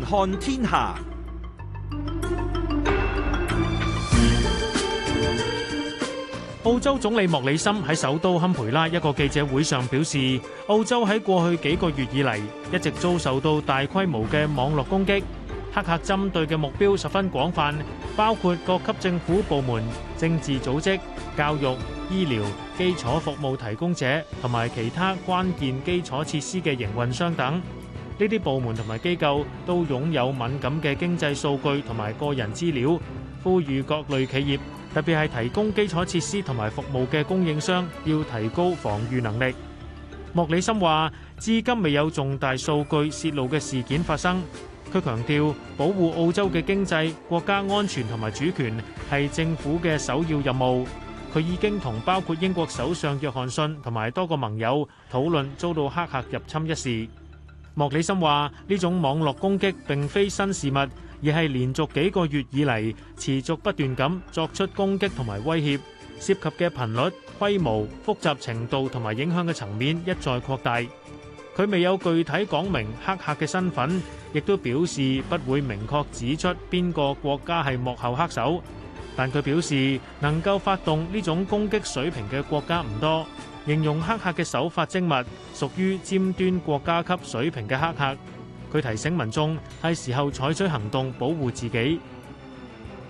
看天下。澳洲總理莫理森喺首都堪培拉一個記者會上表示，澳洲喺過去幾個月以嚟一直遭受到大規模嘅網絡攻擊，黑客針對嘅目標十分廣泛，包括各級政府部門、政治組織、教育、醫療、基礎服務提供者同埋其他關鍵基礎設施嘅營運商等。呢啲部門同埋機構都擁有敏感嘅經濟數據同埋個人資料，呼籲各類企業，特別係提供基礎設施同埋服務嘅供應商，要提高防禦能力。莫理森話，至今未有重大數據泄露嘅事件發生。佢強調保護澳洲嘅經濟、國家安全同埋主權係政府嘅首要任務。佢已經同包括英國首相約翰遜同埋多個盟友討論遭到黑客入侵一事。莫理森話呢種網絡攻擊並非新事物，而係連續幾個月以嚟持續不斷咁作出攻擊同埋威脅，涉及嘅頻率、規模、複雜程度同埋影響嘅層面一再擴大。佢未有具體講明黑客嘅身份，亦都表示不會明確指出邊個國家係幕後黑手。但佢表示能夠發動呢種攻擊水平嘅國家唔多。形容黑客嘅手法精密，屬於尖端國家級水平嘅黑客。佢提醒民眾係時候採取行動保護自己。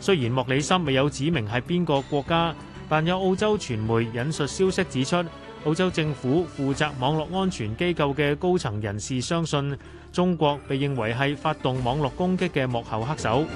雖然莫理森未有指明係邊個國家，但有澳洲傳媒引述消息指出，澳洲政府負責網絡安全機構嘅高層人士相信中國被認為係發動網絡攻擊嘅幕後黑手。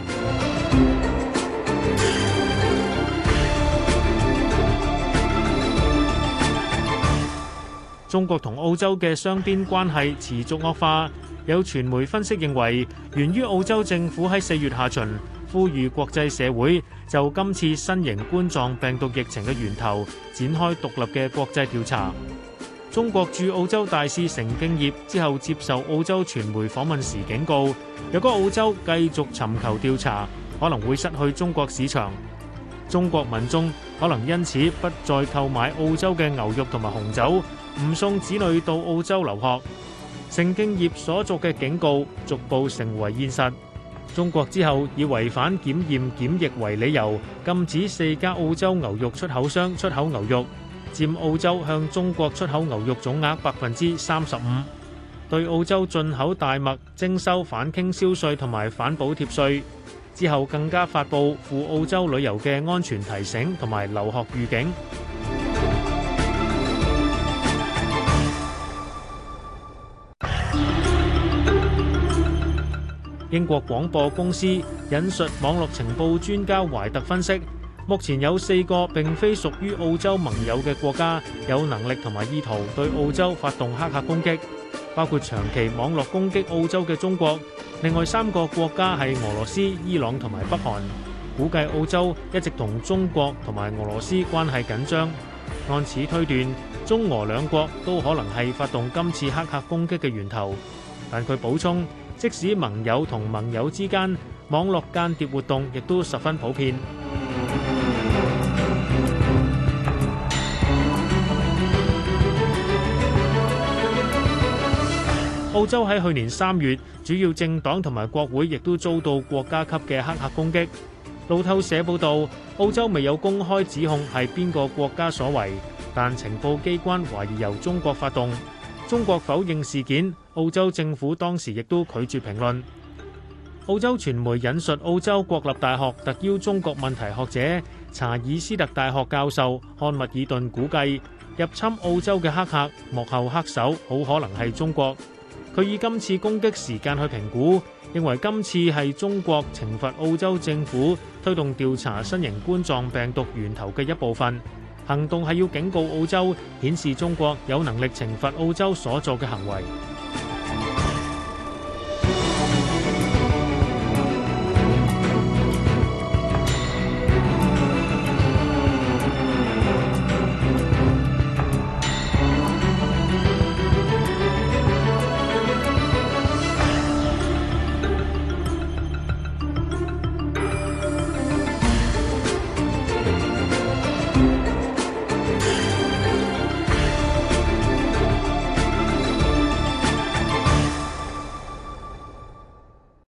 中國同澳洲嘅雙邊關係持續惡化，有傳媒分析認為，源於澳洲政府喺四月下旬呼籲國際社會就今次新型冠狀病毒疫情嘅源頭展開獨立嘅國際調查。中國駐澳洲大使成敬業之後接受澳洲傳媒訪問時警告：「若果澳洲繼續尋求調查，可能會失去中國市場。中國民眾可能因此不再購買澳洲嘅牛肉同埋紅酒。」唔送子女到澳洲留學，成競業所作嘅警告逐步成為現實。中國之後以違反檢驗檢疫為理由，禁止四家澳洲牛肉出口商出口牛肉，佔澳洲向中國出口牛肉總額百分之三十五。對澳洲進口大麥徵收反傾銷稅同埋反補貼稅，之後更加發布赴澳洲旅遊嘅安全提醒同埋留學預警。英國廣播公司引述網絡情報專家懷特分析，目前有四個並非屬於澳洲盟友嘅國家，有能力同埋意圖對澳洲發動黑客攻擊，包括長期網絡攻擊澳洲嘅中國，另外三個國家係俄羅斯、伊朗同埋北韓。估計澳洲一直同中國同埋俄羅斯關係緊張，按此推斷，中俄兩國都可能係發動今次黑客攻擊嘅源頭。但佢補充。即使盟友同盟友之間，網絡間諜活動亦都十分普遍。澳洲喺去年三月，主要政黨同埋國會亦都遭到國家級嘅黑客攻擊。路透社報道，澳洲未有公開指控係邊個國家所為，但情報機關懷疑由中國發動。中國否認事件，澳洲政府當時亦都拒絕評論。澳洲傳媒引述澳洲國立大學特邀中國問題學者查爾斯特大學教授漢密爾頓估計，入侵澳洲嘅黑客幕後黑手好可能係中國。佢以今次攻擊時間去評估，認為今次係中國懲罰澳洲政府推動調查新型冠狀病毒源頭嘅一部分。行動係要警告澳洲，顯示中國有能力懲罰澳洲所做嘅行為。